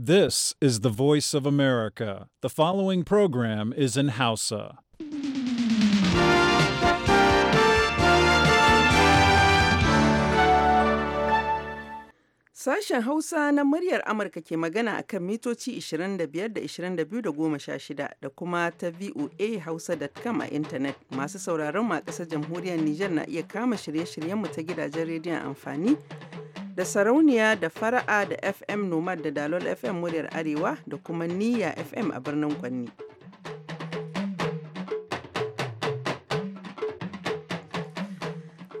This is the voice of America. The following program is in Hausa. Sashen Hausa na muryar Amurka ke magana a kan mitoci 25 da 22 da 16 da kuma ta VOA Hausa.com a intanet. Masu sauraron ma ƙasar jamhuriyar Nijar na iya kama shirye-shiryenmu ta gidajen rediyon amfani da sarauniya da fara'a da fm nomad da dalol fm muryar arewa da kuma niyya fm a birnin kwanni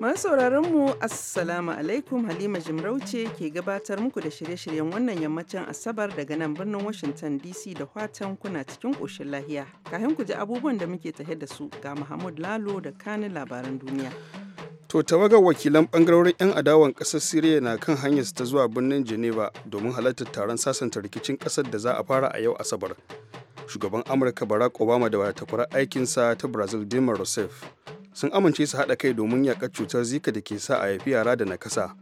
masu sauraron mu assalamu alaikum halima Jimarauce ke gabatar muku da shirye-shiryen wannan yammacin asabar daga nan birnin washington dc da kwatan kuna cikin ƙoshin lahiya kahin ku ji abubuwan da muke tahe da su ga muhammad lalo da kanin labaran duniya to tawagar wakilan bangarorin 'yan adawan kasar siriya na kan hanyar ta zuwa birnin geneva domin halartar taron sasanta rikicin kasar da za a fara a yau asabar shugaban amurka barack obama da takwarar aikinsa ta brazil dilma rousseff sun amince su haɗa kai domin yaƙar cutar zika da ke sa a yafi yara da nakasa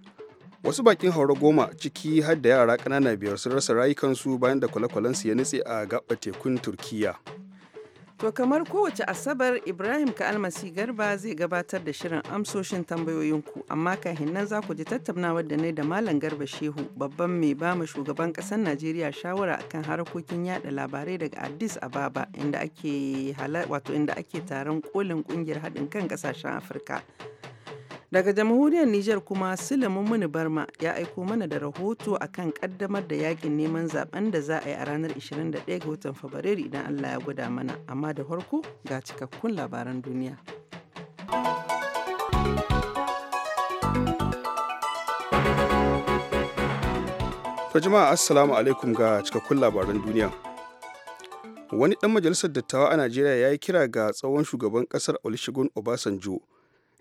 wasu bakin haura goma ciki har yara ƙanana biyar sun rasa rayukansu bayan da kwale-kwalensu ya nutse a gaɓa tekun turkiya To kamar kowace Asabar Ibrahim Ka'almasi Garba zai gabatar da shirin amsoshin tambayoyinku amma kahin nan za ku ji tattaunawar da ne da Malam Garba Shehu babban mai ba bama shugaban ƙasar Najeriya shawara akan harkokin yada labarai daga Addis Ababa inda ake wato inda ake taron kolin kungiyar haɗin kan ƙasashen Afirka. Daga jamhuriyar Nijar kuma Sulaiman Muni Barma ya aiko mana da rahoto akan kaddamar da yakin neman zaben da za a yi a ranar 21 ga watan Fabrairu idan Allah ya gwada mana. Amma da farko ga cikakkun labaran duniya. ta jama'a assalamu alaikum ga cikakkun labaran duniya. Wani ɗan majalisar dattawa a Najeriya ya yi kira ga tsawon shugaban ƙasar Olusegun Obasanjo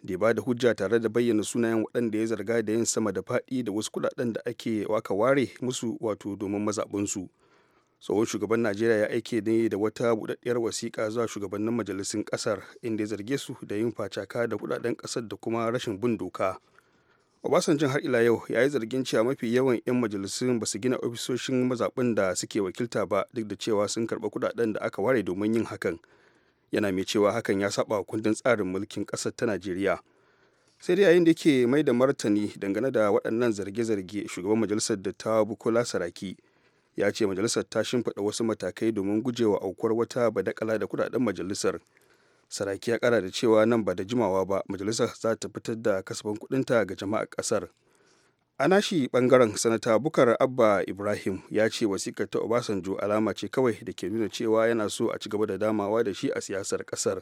da ba da hujja tare da bayyana sunayen waɗanda ya zarga da yin sama da faɗi da wasu kuɗaɗen da ake waka ware musu wato domin mazaɓinsu tsohon shugaban najeriya ya aike ne da wata buɗaɗɗiyar wasiƙa zuwa shugabannin majalisun ƙasar inda ya zarge su da yin facaka da kuɗaɗen ƙasar da kuma rashin bin doka obasanjo har ila yau ya yi zargin cewa mafi yawan 'yan majalisun ba su gina ofisoshin mazaɓin da suke wakilta ba duk da cewa sun karɓi kuɗaɗen da aka ware domin yin hakan yana mai cewa hakan ya saba kundin tsarin mulkin ƙasar ta najeriya sai dai yayin da yake mai da martani dangane da waɗannan zarge-zarge shugaban majalisar da ta bukola saraki ya ce majalisar ta shimfiɗa wasu matakai domin gujewa aukuwar wata badakala da kudaden majalisar saraki ya kara da cewa nan ba da jimawa ba majalisar za ta fitar da kasafin kuɗinta ga jama'ar ƙasar a nashi bangaren sanata bukar abba ibrahim ya ce wasikar ta obasanjo alama ce kawai da ke nuna cewa yana so a ci gaba da damawa da shi a siyasar kasar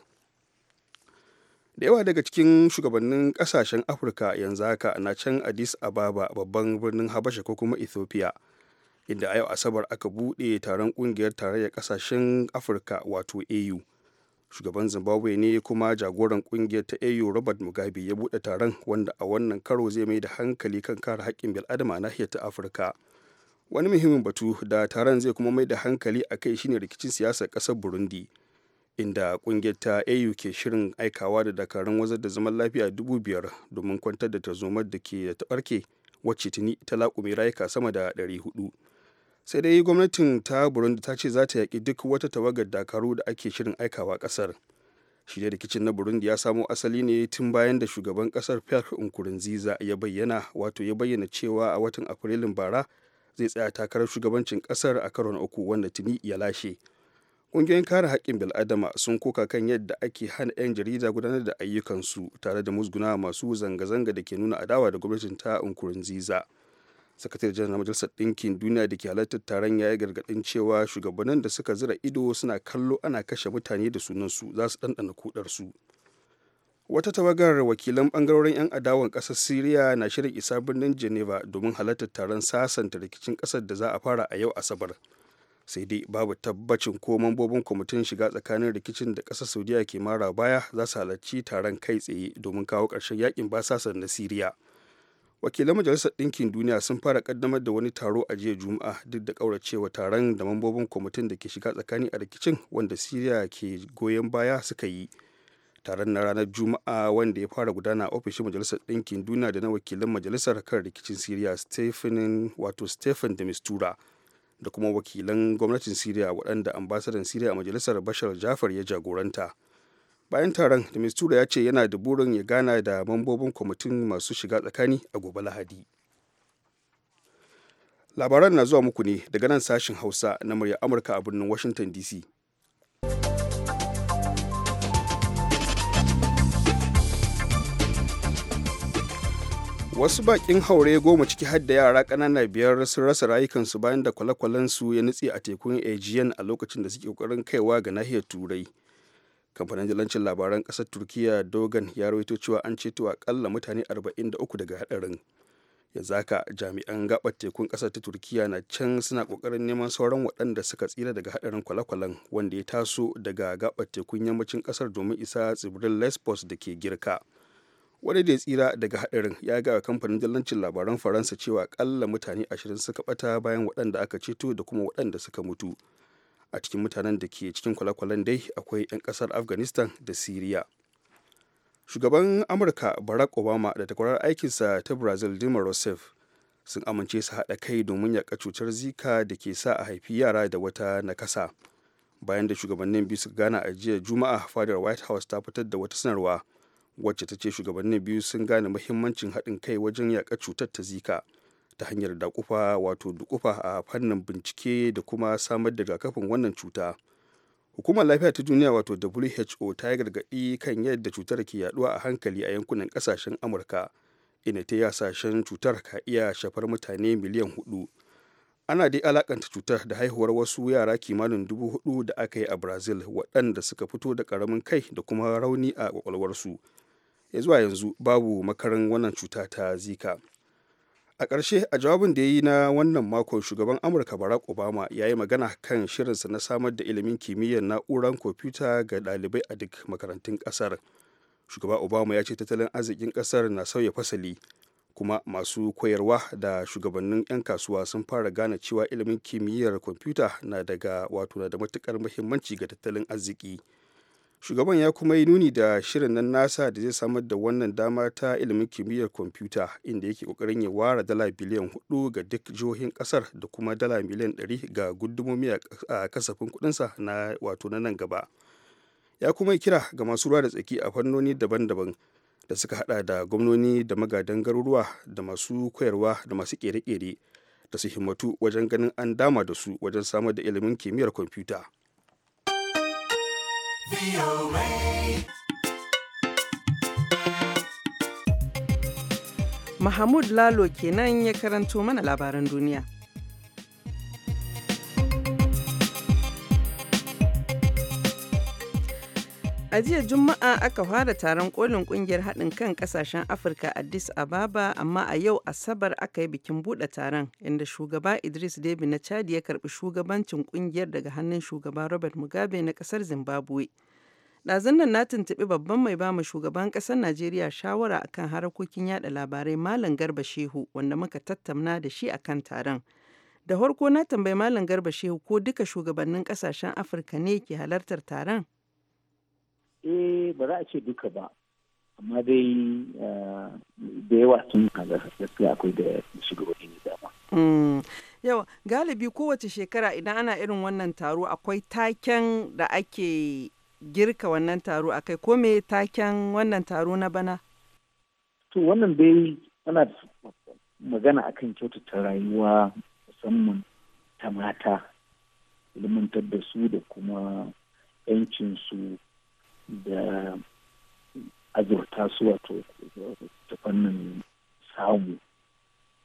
da yawa daga cikin shugabannin kasashen afirka yanzu haka na can addis ababa babban birnin habasha ko kuma ethiopia inda a yau asabar aka buɗe taron ƙungiyar tarayyar kasashen afirka wato au shugaban zimbabwe ne kuma jagoran kungiyar ta au robert mugabe ya bude taron wanda a wannan karo zai mai da hankali kan kare haƙƙin bil'adama nahiyar ta afirka wani muhimmin batu da taron zai kuma mai da hankali a kai shine rikicin siyasar ƙasar burundi inda kungiyar ta au ke shirin aikawa da dakarun wazar da zaman lafiya dubu biyar domin kwantar da tarzomar da ke da ta ɓarke wacce tuni ta laƙumi rayuka sama da 400 sai dai gwamnatin ta burundi ta ce za ta yaƙi duk wata tawagar dakaru da ake shirin aikawa ƙasar shi da rikicin na burundi ya samo asali ne tun bayan da shugaban ƙasar pierre nkurunziza ya bayyana wato ya bayyana cewa a watan afrilun bara zai tsaya takarar shugabancin ƙasar a karon uku wanda tuni ya lashe ƙungiyoyin kare haƙƙin bil'adama sun koka kan yadda ake hana 'yan jarida gudanar da ayyukansu tare da musguna masu zanga-zanga da ke nuna adawa da gwamnatin ta nkurunziza. sakatare janar na majalisar ɗinkin duniya da ke halartar taron ya yi gargaɗin cewa shugabannin da suka zira ido suna kallo ana kashe mutane da sunansu za su ɗanɗana kudarsu wata tawagar wakilan ɓangarorin 'yan adawan ƙasar siriya na shirin isa birnin geneva domin halartar taron sasanta rikicin ƙasar da za a fara a yau asabar sai dai babu tabbacin ko mambobin kwamitin shiga tsakanin rikicin da ƙasar saudiya ke mara baya za su halarci taron kai tsaye domin kawo ƙarshen yakin basasan na siriya wakilan majalisar ɗinkin duniya sun fara kaddamar da wani taro a jiya juma'a duk da ƙauracewa taron da mambobin kwamitin da ke shiga tsakani a rikicin wanda siriya ke goyon baya suka yi taron na ranar juma'a wanda ya fara gudana a ofishin majalisar ɗinkin duniya da na wakilan majalisar kan rikicin siriya stephen wato stephen de mistura da kuma wakilan gwamnatin siriya waɗanda ambasadan siriya a majalisar bashar jafar ya jagoranta bayan taron da mistura ya ce yana da burin ya gana da mambobin kwamitin masu shiga tsakani a gobe lahadi labaran na zuwa muku ne daga nan sashen hausa na murya amurka a birnin washington dc wasu bakin haure goma ciki har da yara kanana biyar sun rasa rayukansu bayan da kwale-kwalensu ya nutse a tekun aegean a lokacin da suke ƙoƙarin kaiwa ga nahiyar turai kamfanin dalancin labaran kasar turkiya dogon ya rawaito cewa an ceto akalla mutane 43 daga hadarin yanzu haka jami'an gabar tekun ƙasar ta turkiya na can suna kokarin neman sauran waɗanda suka tsira daga hadarin kwale-kwalen wanda ya taso daga gabar tekun yammacin kasar domin isa tsibirin lesbos da ke girka wani da ya tsira daga hadarin ya ga kamfanin jallancin labaran faransa cewa akalla mutane 20 suka bata bayan waɗanda aka ceto da kuma waɗanda suka mutu a cikin mutanen da ke cikin kwale-kwalen dai akwai 'yan kasar afghanistan da syria shugaban amurka barack obama da takwarar aikinsa ta brazil dilma rousseff sun amince su haɗa kai domin yaƙa cutar zika da ke sa a haifi yara da wata nakasa bayan da shugabannin biyu suka gana a jiya juma'a fadar white house ta fitar da wata sanarwa wacce ta ce shugabannin biyu sun gane muhimmancin haɗin kai wajen yaƙa cutar ta zika ta hanyar dakufa wato dukufa a fannin bincike da kuma samar da rigakafin wannan cuta hukumar lafiya ta duniya wato who ta yi gargaɗi kan yadda cutar ke yaduwa a hankali a yankunan ƙasashen amurka ina ta yi hasashen cutar ka iya shafar mutane miliyan hudu ana dai alakanta cutar da haihuwar wasu yara kimanin dubu hudu da aka yi a brazil waɗanda suka fito da ƙaramin kai da kuma rauni a ƙwaƙwalwarsu ya zuwa yanzu babu makarin wannan cuta ta zika a ƙarshe a jawabin da ya yi na wannan makon shugaban amurka barack obama ya yi magana kan shirinsa na samar da ilimin kimiyyar na'urar kwamfuta ga ɗalibai a duk makarantun ƙasar shugaba obama ya ce tattalin arzikin ƙasar na sauya fasali kuma masu koyarwa da shugabannin 'yan kasuwa sun fara gane cewa ilimin kimiyyar kwamfuta na daga wato na da matukar muhimmanci ga tattalin arziki. shugaban ya kuma yi nuni da shirin nan nasa da zai samar da wannan dama ta ilimin kimiyyar kwamfuta inda yake kokarin ya ware dala biliyan hudu ga duk jihohin kasar da kuma dala miliyan 100 ga gudumomi a kasafin kudinsa na wato na nan gaba ya kuma yi kira ga masu ruwa da tsaki a fannoni daban-daban da suka hada da gwamnoni da magadan garuruwa da masu koyarwa da masu kere-kere da su himmatu wajen ganin an dama da su wajen samar da ilimin kimiyyar kwamfuta. Mahmud Lalo kenan ya karanto mana labaran duniya. A jiya Juma'a aka fara taron kolin kungiyar haɗin kan ƙasashen Afirka Addis Ababa amma a yau Asabar aka yi bikin buɗe taron inda shugaba Idris Debi na Chad ya karɓi shugabancin kungiyar daga hannun shugaba Robert Mugabe na ƙasar Zimbabwe. Ɗazun nan na tuntuɓi babban mai bama shugaban ƙasar Najeriya shawara akan harakokin yaɗa labarai Malam Garba Shehu wanda muka tattauna da shi akan taron. Da farko na tambayi Malam Garba Shehu ko duka shugabannin ƙasashen Afirka ne ke halartar taron? eh ba za a ce duka ba amma dai eh, da yawa sun halarta gaskiya akwai da shugabanni da dama. Mm. Yawa galibi kowace shekara idan ana irin wannan taro akwai taken da ake girka wannan taro akai ko me taken wannan taro na bana? To wannan dai ana magana akan kyautata rayuwa musamman ta mata ilmantar da su da kuma 'yancinsu da azurta su wato ta fannin samu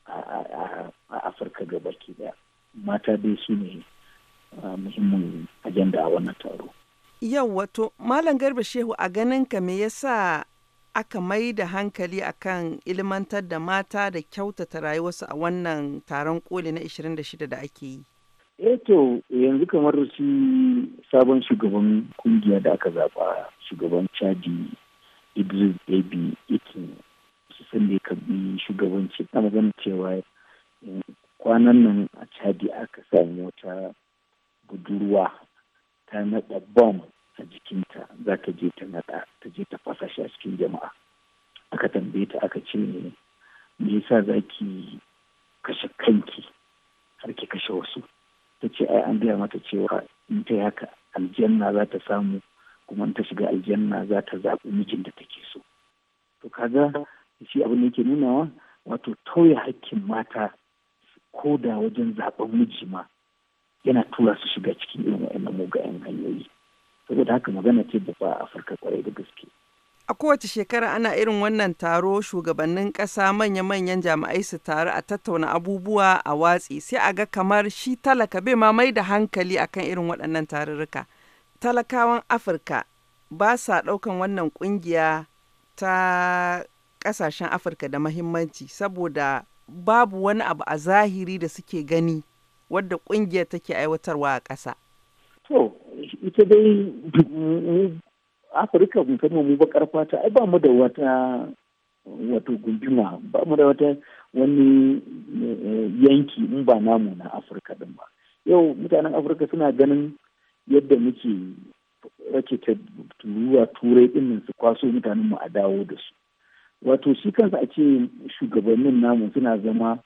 a afirka baki da mata dai su ne muhimmin ajanda a wannan taro yau wato malam garba shehu a ganin ka me yasa aka mai da hankali akan ilmantar da mata da kyautata rayuwarsu a wannan taron koli na 26 da ake yi Eh, to yanzu kamar shi sabon shugaban kungiya da aka zaba shugaban chadi idris abi ikin su san da shugabanci a magana cewa kwanan nan a chadi aka sami wata budurwa ta naɗa bom a jikinta za ta je ta naɗa ta je ta fasa shi a cikin jama'a aka tambaye ta aka ce me yasa za ki kashe kanki har ki kashe wasu ta ce ai an gaya mata cewa in ta haka aljanna za ta samu kuma in ta shiga aljanna za ta zaɓi mijin da take so to kaga shi abin da yake nunawa wato tauye hakkin mata ko da wajen zaɓen miji ma yana tura su shiga cikin irin wa'annan mugayen hanyoyi saboda haka magana ce da ba a farka kwarai da gaske A kowace shekara ana irin wannan taro shugabannin ƙasa manya-manyan jami'ai su taru a tattauna abubuwa a watsi sai a ga kamar shi talaka bai ma mai da hankali akan irin waɗannan tarurruka. Talakawan Afirka ba sa ɗaukan wannan ƙungiya ta ƙasashen Afirka da mahimmanci saboda babu wani abu a zahiri da suke gani wadda ƙungiyar take aiwatarwa a ƙasa. afirka musamman mu bakar fata ai ba mu da wata wato gunduma ba mu da wata wani eh, yanki in ba namu na afirka din ba yau mutanen afirka suna ganin yadda muke rake ta turuwa turai din su kwaso mutanen mu a dawo da su wato shi kansa a ce shugabannin namu suna zama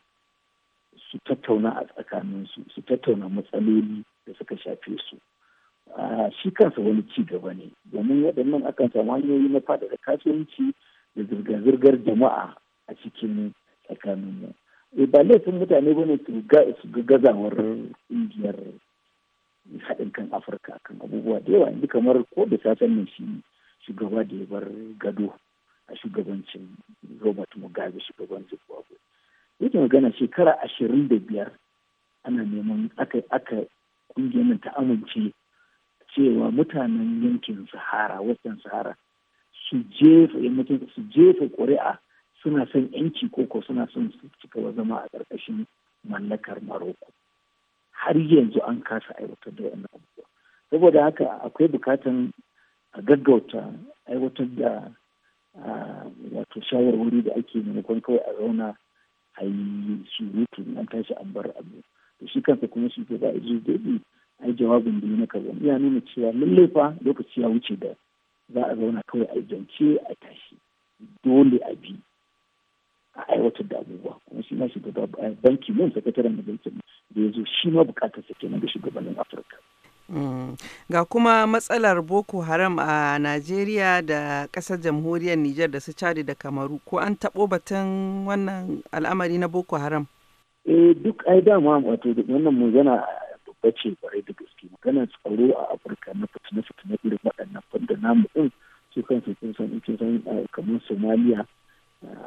su tattauna a tsakaninsu su tattauna matsaloli da suka shafe su shi kansa wani ci gaba ne domin waɗannan akan samu hanyoyi na faɗaɗa kasuwanci da zirga-zirgar jama'a a cikin tsakanin mu. Eh, ba laifin mutane ba ne su ga gazawar ƙungiyar haɗin kan afirka kan abubuwa da yawa yanzu kamar ko da sasan ne shi shugaba da ya bar gado a shugabancin robert mugabe shugaban zimbabwe yake magana shekara ashirin da biyar ana neman aka aka ƙungiyar ta amince cewa mutanen yankin sahara western sahara su jefa su jefa ƙuri'a suna son yanci koko suna son su cika zama a ƙarƙashin mallakar maroko har yanzu an kasa aiwatar da wannan abubuwa saboda haka akwai bukatan a gaggauta aiwatar da wato shawarwari da ake maimakon kawai a zauna a yi surutu an tashi an bar abu da shi kansa kuma shi ke ba a ai jawabin da na kaza ya nuna cewa lallai fa lokaci ya wuce da za a zauna kawai a jance a tashi dole a bi a aiwatar da abubuwa kuma shi ma shugaba banki mun sakataren majalisar da ya zo shi ma bukatar sa kenan da shugabannin afirka mm. Ga kuma matsalar Boko Haram a Najeriya da kasar jamhuriyar Nijar da su cari da Kamaru ko an taɓo batun wannan al'amari na Boko Haram? Eh duk ai dama wato wannan mu yana bace kwarai da gaske maganar tsaro a afirka na fitina-fitina irin waɗannan fanda mu ɗin su kansu sun san sun san kamar somaliya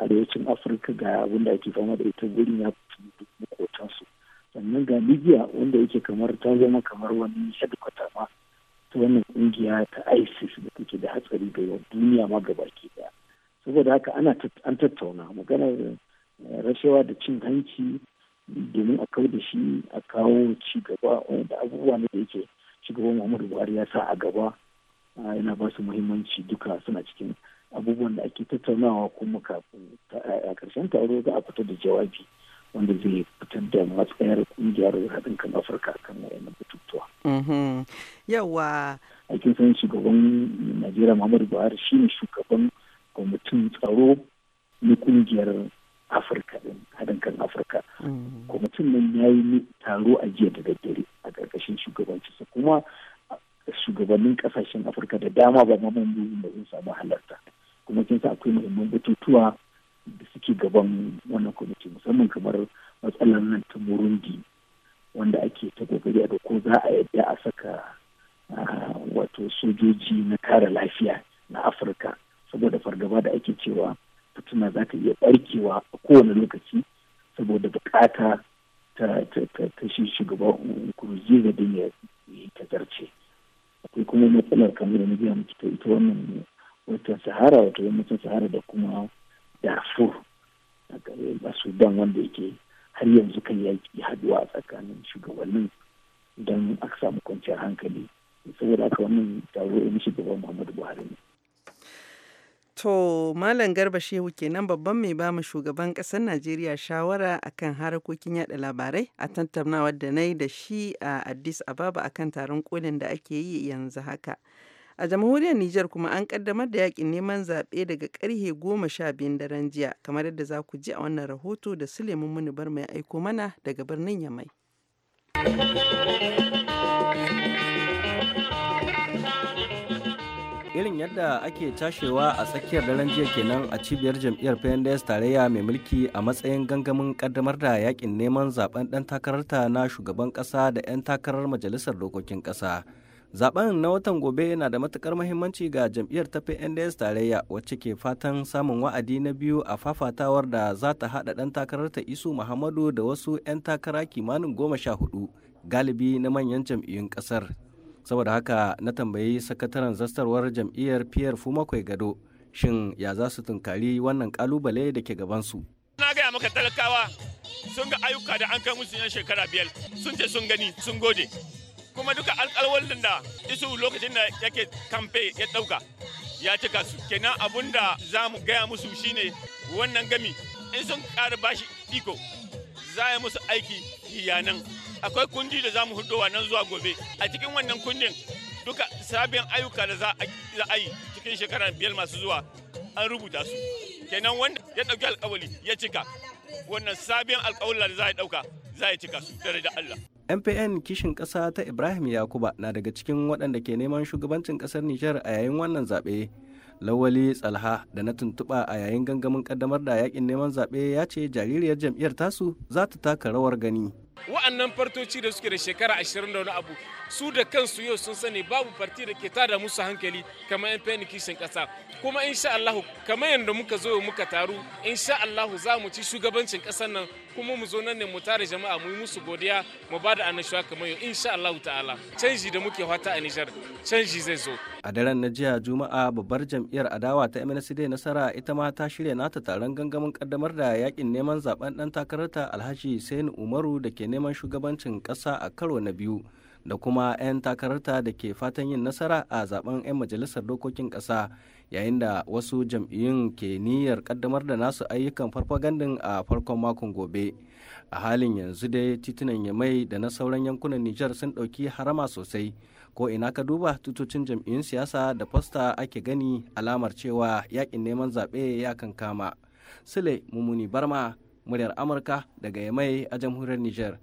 arewacin afirka ga abin da ake fama da ita wurin ya fi duk makotansu sannan ga libya wanda yake kamar ta zama kamar wani headquarter ma ta wannan kungiya ta isis da take da hatsari ga duniya ma gabaki daya saboda haka ana an tattauna maganar eh, rashawa da cin hanci domin a kau da shi a kawo ci gaba da abubuwa ne da yake shugaban muhammadu buhari ya sa a gaba yana ba su muhimmanci duka suna cikin abubuwan da ake tattaunawa kuma kafin a karshen taro za a fitar da jawabi wanda zai fitar da matsayar kungiyar haɗin kan afirka kan wayannan batutuwa. Mm-hmm. yawa aikin san shugaban najeriya muhammadu buhari shine shugaban kwamitin tsaro na kungiyar afirka din haɗin kan afirka mm. kwamitin nan ya yi taro a jiya da daddare a ƙarƙashin shugabancinsa kuma shugabannin ƙasashen afirka da dama ba ma mambobin da sun samu halarta kuma kin sa akwai muhimman batutuwa da suke gaban wannan kwamiti musamman kamar matsalar nan ta murundi wanda ake ta gogari a da ko za a yadda a saka wato sojoji na kare lafiya na afirka saboda fargaba da ake cewa fitina za ta iya barkewa a kowane lokaci saboda bukata ta ta shi shugaba da ya yi akwai kuma matsalar kamar da biya muke ta ita wannan wata sahara wata yammacin sahara da kuma darfur a sudan wanda yake har yanzu kan yaki haduwa tsakanin shugabannin don aka samu kwanciyar hankali saboda haka wannan taro ya mishi gaban muhammadu buhari ne To Malam Garba Shehu kenan babban mai ba shugaban ƙasar Najeriya shawara akan harakokin yada labarai a tattaunawar da na yi da shi a Addis Ababa akan taron kolin da ake yi yanzu haka. A jamhuriyar Nijar kuma an kaddamar da yakin neman zaɓe daga karhe goma sha biyun daren jiya kamar yadda za ku ji a wannan rahoto da Suleiman Munibar mai aiko mana daga birnin Yamai. irin yadda ake tashewa a tsakiyar daren jiya kenan a cibiyar jam'iyyar pnds tarayya mai mulki a matsayin gangamin kaddamar da yakin neman zaben dan takararta na shugaban kasa da 'yan takarar majalisar dokokin kasa zaben na watan gobe yana da matukar mahimmanci ga jam'iyyar ta pnds tarayya wacce ke fatan samun wa'adi na biyu a fafatawar da za ta haɗa ɗan takararta isu muhammadu da wasu 'yan takara kimanin goma sha hudu galibi na manyan jam'iyyun ƙasar saboda haka na tambayi sakataren zastarwar jam'iyyar pierre fumakwai gado shin ya za su tunkari wannan kalubale da ke gabansu na gaya maka talakawa sun ga ayyuka da an kai musu yan shekara biyar sun ce sun gani sun gode kuma duka alkalwallin da isu lokacin da yake kamfe ya ɗauka ya cika su kenan abun da za mu gaya musu shine wannan gami in sun kara bashi iko za musu aiki yanan akwai kundi da za mu hudowa nan zuwa gobe a cikin wannan kundin duka sabin ayyuka da za a yi cikin shekara biyar masu zuwa an rubuta su kenan wanda ya ɗauki alkawali ya cika wannan sabbin alkawalin da za a ɗauka za a cika su da da Allah. MPN kishin ƙasa ta Ibrahim Yakuba na daga cikin waɗanda ke neman shugabancin kasar Nijar a yayin wannan zaɓe. lawali tsalha da na tuntuɓa a yayin gangamin kaddamar da yakin neman zaɓe ya ce jaririyar jam'iyyar tasu za ta taka rawar gani wa'annan fartoci da suke da shekara ashirin da wani abu su da kansu yau sun sani babu farti da ke tada musu hankali kamar yan feni kishin kasa kuma insha Allahu kamar yadda muka zo muka taru insha Allahu za mu ci shugabancin kasar nan kuma mu zo nan ne mu tare jama'a mu yi musu godiya mu ba da annashuwa kamar yau insha Allah ta'ala canji da muke fata a Nijar canji zai zo a daren na jiya juma'a babbar jam'iyyar adawa ta MNCD nasara ita ma ta shirya nata taron gangamin kaddamar da yakin neman zaben dan takararta Alhaji Sain Umaru da ke neman shugabancin kasa a karo na biyu da kuma 'yan takararta da ke fatan yin nasara a zaben 'yan majalisar dokokin ƙasa yayin da wasu jam'iyyun ke niyyar kaddamar da nasu ayyukan farfagandin a farkon makon gobe a halin yanzu dai titunan yamai da na sauran yankunan nijar sun ɗauki harama sosai ko ina ka duba tutocin jam'iyyun siyasa da fasta ake gani alamar cewa yakin neman zaɓe ya kankama sule mummuni barma muryar amurka daga yamai a jamhuriyar niger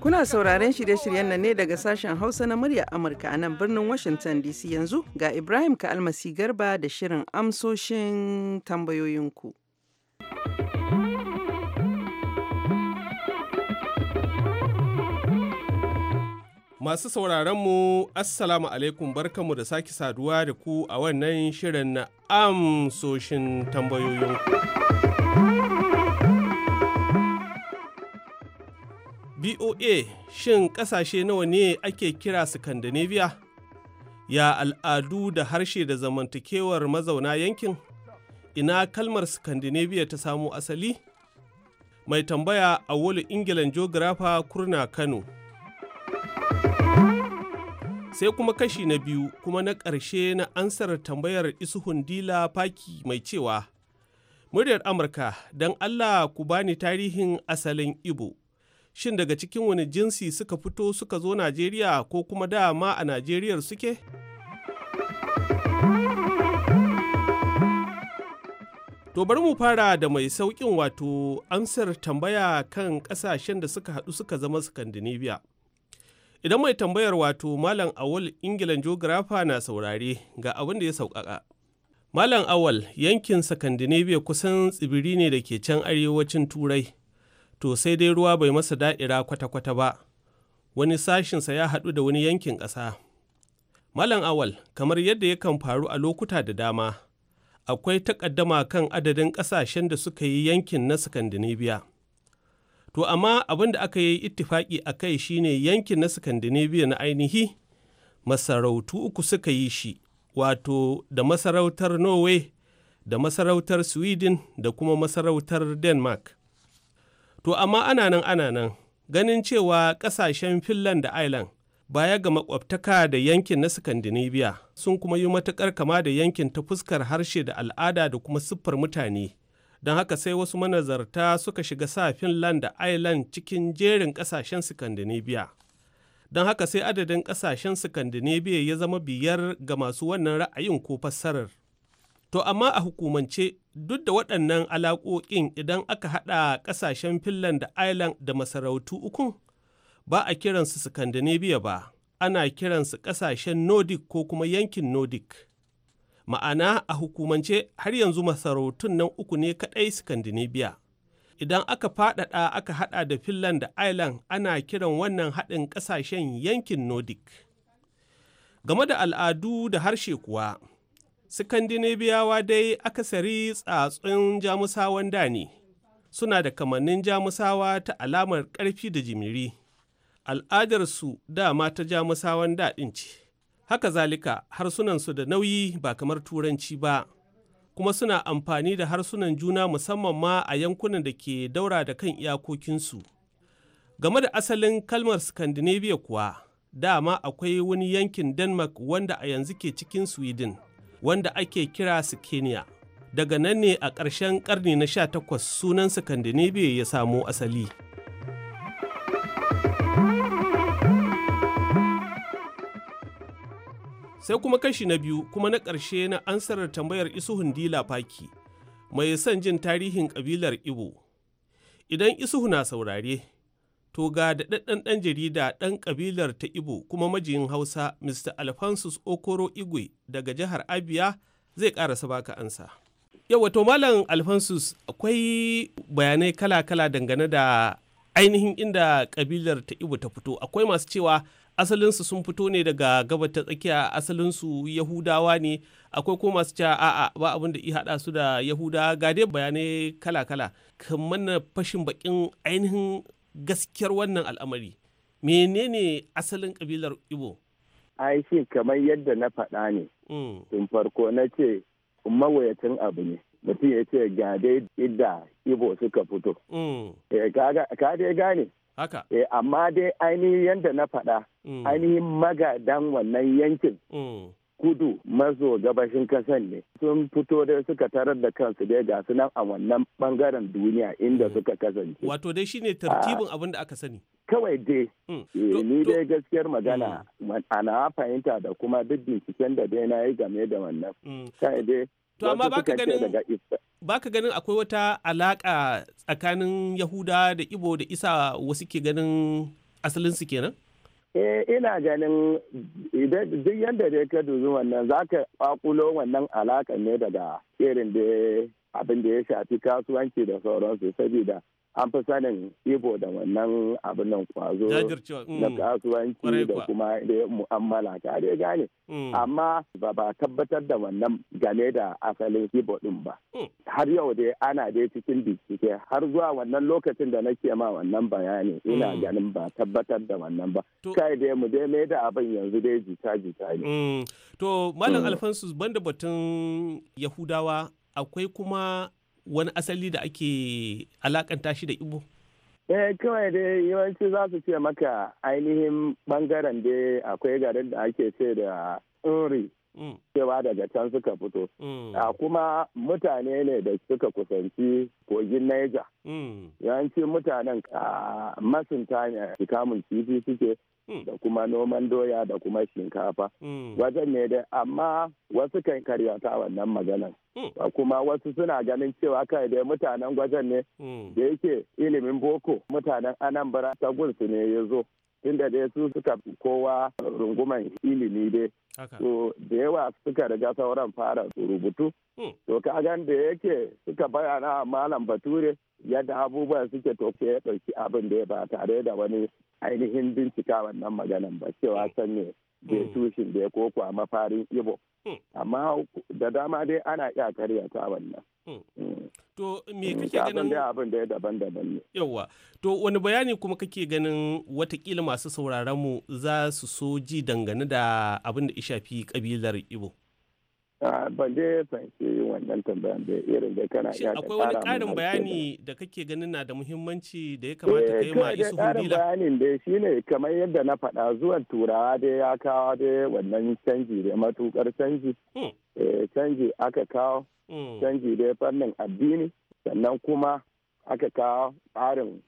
Kuna sauraren shirye-shiryen nan ne daga sashen Hausa na muryar Amurka a nan birnin Washington DC yanzu ga Ibrahim ka almasi Garba da shirin amsoshin tambayoyinku. Masu mu Assalamu alaikum barkanmu da sake saduwa da ku a wannan shirin na amsoshin tambayoyin. BOA shin ƙasashe nawa ne ake kira Scandinavia? Ya al'adu da harshe da zamantakewar mazauna yankin? Ina kalmar Scandinavia ta samo asali? Mai tambaya a Ingilan Geographer Kurna Kano. sai kuma kashi na biyu kuma na ƙarshe na ansar tambayar isuhun dila faki mai cewa muryar amurka don allah ku bani tarihin asalin ibo shin daga cikin wani jinsi suka fito suka zo najeriya ko kuma dama a najeriyar suke to bari mu fara da mai sauƙin wato ansar tambaya kan ƙasashen da suka haɗu suka zama scandinavia Idan mai tambayar wato Malam Awal Ingilan Geographer na saurare ga abin da ya sauƙaƙa. Malam Awal yankin Scandinavia kusan tsibiri ne da ke can arewacin Turai, to sai dai ruwa bai masa da'ira kwata-kwata ba, wani sashinsa ya haɗu da wani yankin ƙasa. Malam Awal, kamar yadda yakan faru a lokuta da dama, akwai takaddama kan adadin ƙasashen da suka yi yankin na Scandinavia. To amma abin da aka yi ittifaƙi a kai shi ne yankin na Scandinavia na ainihi masarautu uku suka yi shi, wato da masarautar Norway, da masarautar Sweden da kuma masarautar Denmark. To amma ana nan ana nan ganin cewa ƙasashen Finland da Ireland baya ga makwabtaka da yankin na Scandinavia sun kuma yi matuƙar kama da yankin ta fuskar harshe da al'ada da kuma siffar mutane. don haka sai wasu manazarta suka shiga sa Finland da Ireland cikin jerin ƙasashen Scandinavia. Don haka sai adadin ƙasashen Scandinavia ya zama biyar ga masu wannan ra'ayin ko fassarar. To amma a hukumance duk da waɗannan alaƙoƙin idan aka haɗa ƙasashen Finland da Ireland da masarautu uku, ba a kiransu Scandinavia ba, ana kiransu ƙasashen Nordic ko kuma yankin Nordic. ma'ana a hukumance har yanzu masarautun nan uku ne kaɗai Scandinavia. Idan aka faɗaɗa aka haɗa da Finland da Ireland ana kiran wannan haɗin ƙasashen yankin Nordic. Game da al'adu da harshe kuwa, Scandinaviawa dai akasari tsatsun jamusawan da ne, suna da kamannin jamusawa ta alamar ƙarfi da jimiri. Al'adarsu dama ta jamusawan daɗin ce. haka zalika harsunansu da nauyi ba kamar turanci ba kuma suna amfani da harsunan juna musamman ma a yankunan da ke daura da kan iyakokinsu game da asalin kalmar scandinavia kuwa dama akwai wani yankin denmark wanda a yanzu ke cikin sweden wanda ake kira skenia daga nan ne a ƙarshen ƙarni na 18 sunan scandinavia ya samo asali. sai kuma kashi na biyu kuma na ƙarshe na ansarar tambayar isuhun dila faki mai son jin tarihin ƙabilar ibo idan isuhu na saurare to ga daɗaɗɗen ɗan jarida ɗan ƙabilar ta ibo kuma majiyin hausa mr alphonsus okoro igwe daga jihar abia zai ƙarasa baka ansa Yau, wato malam alphonsus akwai bayanai kala-kala dangane da ainihin inda ƙabilar ta ibo ta fito akwai masu cewa asalinsu sun fito ne daga gabar ta tsakiya asalinsu yahudawa ne akwai ko masu cewa a'a ba abin da i hada su da yahuda ga dai bayanai kala-kala kamar na fashin bakin ainihin gaskiyar wannan al'amari menene asalin kabilar ibo ai shi kamar yadda na faɗa ne mm. tun farko na ce mawuyacin abu ne mutum ya ce ga dai idda ibo suka fito mm. eh, ka dai gane haka eh, amma dai ainihin yadda na faɗa Mm. ainihin magadan wannan yankin mm. kudu maso gabashin kasan ne sun fito dai suka tarar da kansu dai ga nan a wannan bangaren duniya inda mm. suka kasance. Wato dai shine ah. tartibin abin da aka sani. Kawai dai, eh, ni dai gaskiyar magana ana fahimta da kuma duk binciken da dai na yi game da wannan. Kai dai To amma baka ganin baka ganin akwai wata alaka tsakanin Yahuda da Ibo da Isa wasu ke ganin asalin su kenan? eh ina ganin duk yadda dai ka dubi wannan za ka kwakulo wannan alaƙa ne daga irin da abin da ya shafi kasuwanci da sauransu saboda an fi sanin ibo da wannan abin nan kwazo na mm, kasuwanci da kuma mu'amala tare gane mm. amma ba ba tabbatar da wannan game da asalin ibo din ba mm. har yau dai ana dai cikin bincike har zuwa wannan lokacin da nake ma wannan bayani ina ganin ba tabbatar da wannan ba kai dai mu dai da abin yanzu dai jita jita ne to malam alfansus banda batun yahudawa akwai kuma wani asali da ake alakanta shi da Igbo? Eh kawai dai yawanci za su ce maka ainihin bangaren dai akwai garin da ake ce da Uri Mm. cewa daga can suka fito mm. a ah, kuma mutane ne da suka kusanci kogin naija mm. Yawanci mutanen a ah, masunta ne kamun kifi suke da kuma noman doya da kuma shinkafa wajen ne dai amma wasu kan karyata wannan maganan ah, kuma wasu suna ganin cewa kai dai mutanen gwajen ne da yake ilimin boko mutanen anambra ta gunsu ne ya zo inda dai su suka kowa runguman ilimi dai to da yawa suka riga sauran fara rubutu hmm. to kagan da yake suka bayana malam bature yadda abubuwa suke to ya ɗauki abin da ya ba tare da wani ainihin bincika wannan maganan ba cewa san hmm. ne da hmm. tushin da ya koko a mafarin ibo amma da dama dai ana iya karyata wannan Mm. Mm. To me mm, kake ganin abin da ya daban-daban ne. Yawwa. To wani bayani kuma kake ganin watakila masu sauraron mu za su so ji dangane da abin da ya shafi kabilar Ibo. Ban je fahimci wannan tambayan da irin da kana iya Akwai wani ƙarin bayani da kake ganin na da muhimmanci da ya kamata ka yi eh, ma isu hundila. bayanin da shi ne kamar yadda na faɗa zuwan turawa dai ya kawo dai wannan canji da matukar canji. Hmm. Eh, canji aka kawo. Mm. canji da fannin addini sannan kuma aka kawo tsarin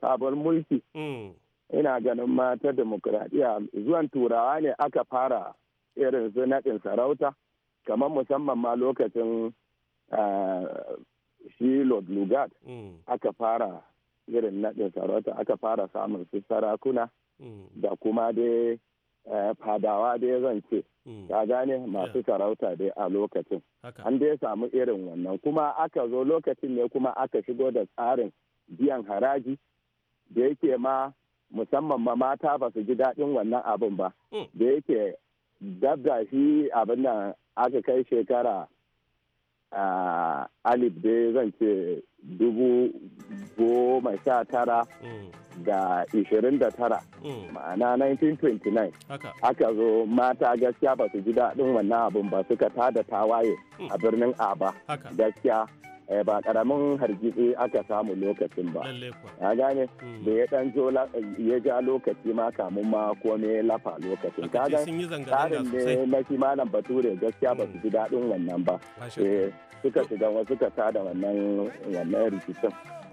sabon mulki mm. ina ganin mata demokuraɗiyya zuwan turawa ne aka fara irin su naɗin sarauta kamar musamman ma lokacin eh, shi lord lugard mm. aka fara irin naɗin sarauta aka fara samun su sarakuna da kuma dai Eh, fadawa dai zan ce hmm. ka gane masu sarauta dai a lokacin an dai samu irin wannan kuma aka zo lokacin ne kuma aka shigo da tsarin biyan haraji da yake ma musamman ma mata ba su ji daɗin wannan abin ba hmm. da yake dabda shi abin nan aka kai shekara alif dai zan ce dubu goma sha tara hmm. ga 29 mm. ma'ana 1929 aka zo mata gaskiya ba su ji daɗin wannan abin ba suka tada tawaye mm. a birnin aba gaskiya eh, ba karamin hargitsi aka samu lokacin ba ya gane mm. da ya dan ya ja lokaci ma kamun ma kome lafa lokacin kaga tsarin ne na kimanin bature gaskiya ba su ji daɗin wannan ba eh, suka shiga wasu suka tada wannan rikicin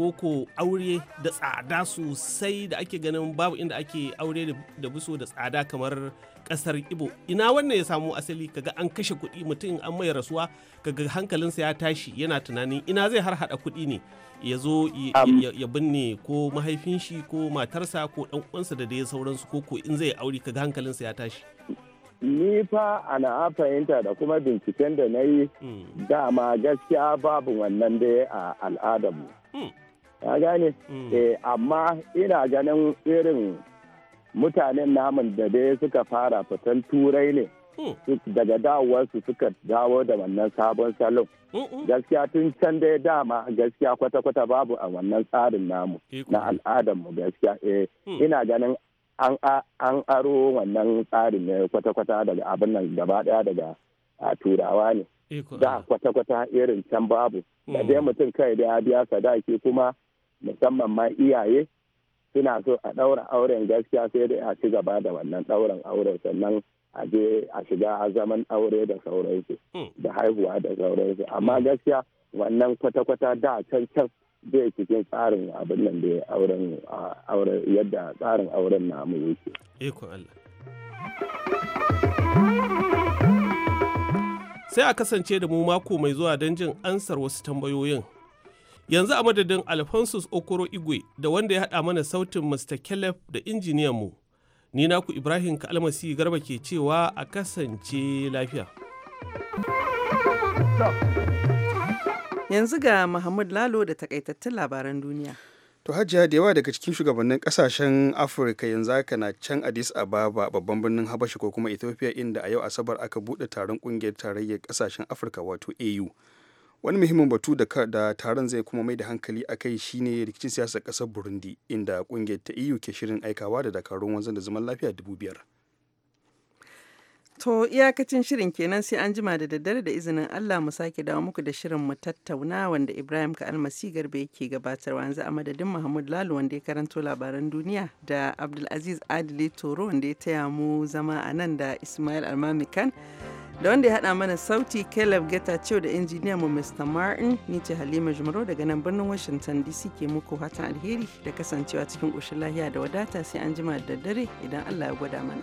koko aure da tsada sosai da ake ganin babu inda ake aure da buso da tsada kamar kasar ibo ina wannan ya samu asali kaga an kashe kuɗi mutum an mai rasuwa kaga hankalinsa ya tashi yana tunanin ina zai har hada kuɗi ne ya zo ya binne ko mahaifin shi ko matarsa ko dan uwansa da dai sauransu ko ko in zai aure kaga hankalinsa ya tashi ni fa ana fahimta da kuma binciken da na yi hmm. dama gaskiya babu wannan dai a al'adarmu hmm. ya gane mm. eh, amma ina ganin irin mutanen namun da dai suka fara fitan turai ne mm. daga dawowarsu suka dawo da wannan sabon salon gaskiya tun can dai dama gaskiya kwata-kwata babu a wannan tsarin namu na al'adarmu gaskiya eh, mm. ina ganin an aro wannan tsarin ne kwata-kwata daga abin nan gaba daya daga turawa ne da kwata-kwata irin can babu da dai mutum kai da ya biya sadaki kuma musamman ma iyaye suna so a ɗaura auren gaskiya sai dai a ci gaba da wannan ɗaurin auren sannan a je a shiga a zaman aure da sauransu hmm. da haihuwa da sauransu amma hmm. gaskiya wannan kwata-kwata da can can zai cikin tsarin abin nan da auren yadda tsarin auren namu yake. Allah. Sai a kasance da mu mako mai zuwa don jin ansar wasu tambayoyin Yanzu a madadin Alphonsus Okoro Igwe da wanda ya haɗa mana sautin Mr. Caleb da injiniyanmu. Ni ku Ibrahim Kalmasi Garba ke cewa a kasance lafiya. Yanzu ga muhammad Lalo da takaitattun labaran duniya. To hajiya da yawa daga cikin shugabannin kasashen Afirka yanzu haka na can Addis Ababa babban birnin Habasha ko kuma Ethiopia inda a yau Asabar aka buɗe taron kungiyar tarayyar kasashen Afirka wato AU. wani muhimmin batu da taron zai kuma mai da hankali a kai shine rikicin siyasar kasar burundi inda kungiyar ta eu ke shirin aikawa da dakarun wanzan da zaman lafiya dubu biyar To iyakacin shirin kenan sai an jima da daddare da izinin Allah mu sake dawo muku da shirin mu tattauna wanda Ibrahim ka almasi garba yake gabatarwa yanzu a madadin Muhammad lalu wanda ya karanto labaran duniya da Abdulaziz Adile Toro wanda ya taya mu zama a nan da Ismail almamikan kan. da wanda ya haɗa mana sauti Caleb Geta Cew da injiniya mu Mr. Martin ni ce Halima Jumaro daga nan birnin Washington DC ke muku hatan alheri da kasancewa cikin ƙoshin lahiya da wadata sai an jima da daddare idan Allah ya gwada mana.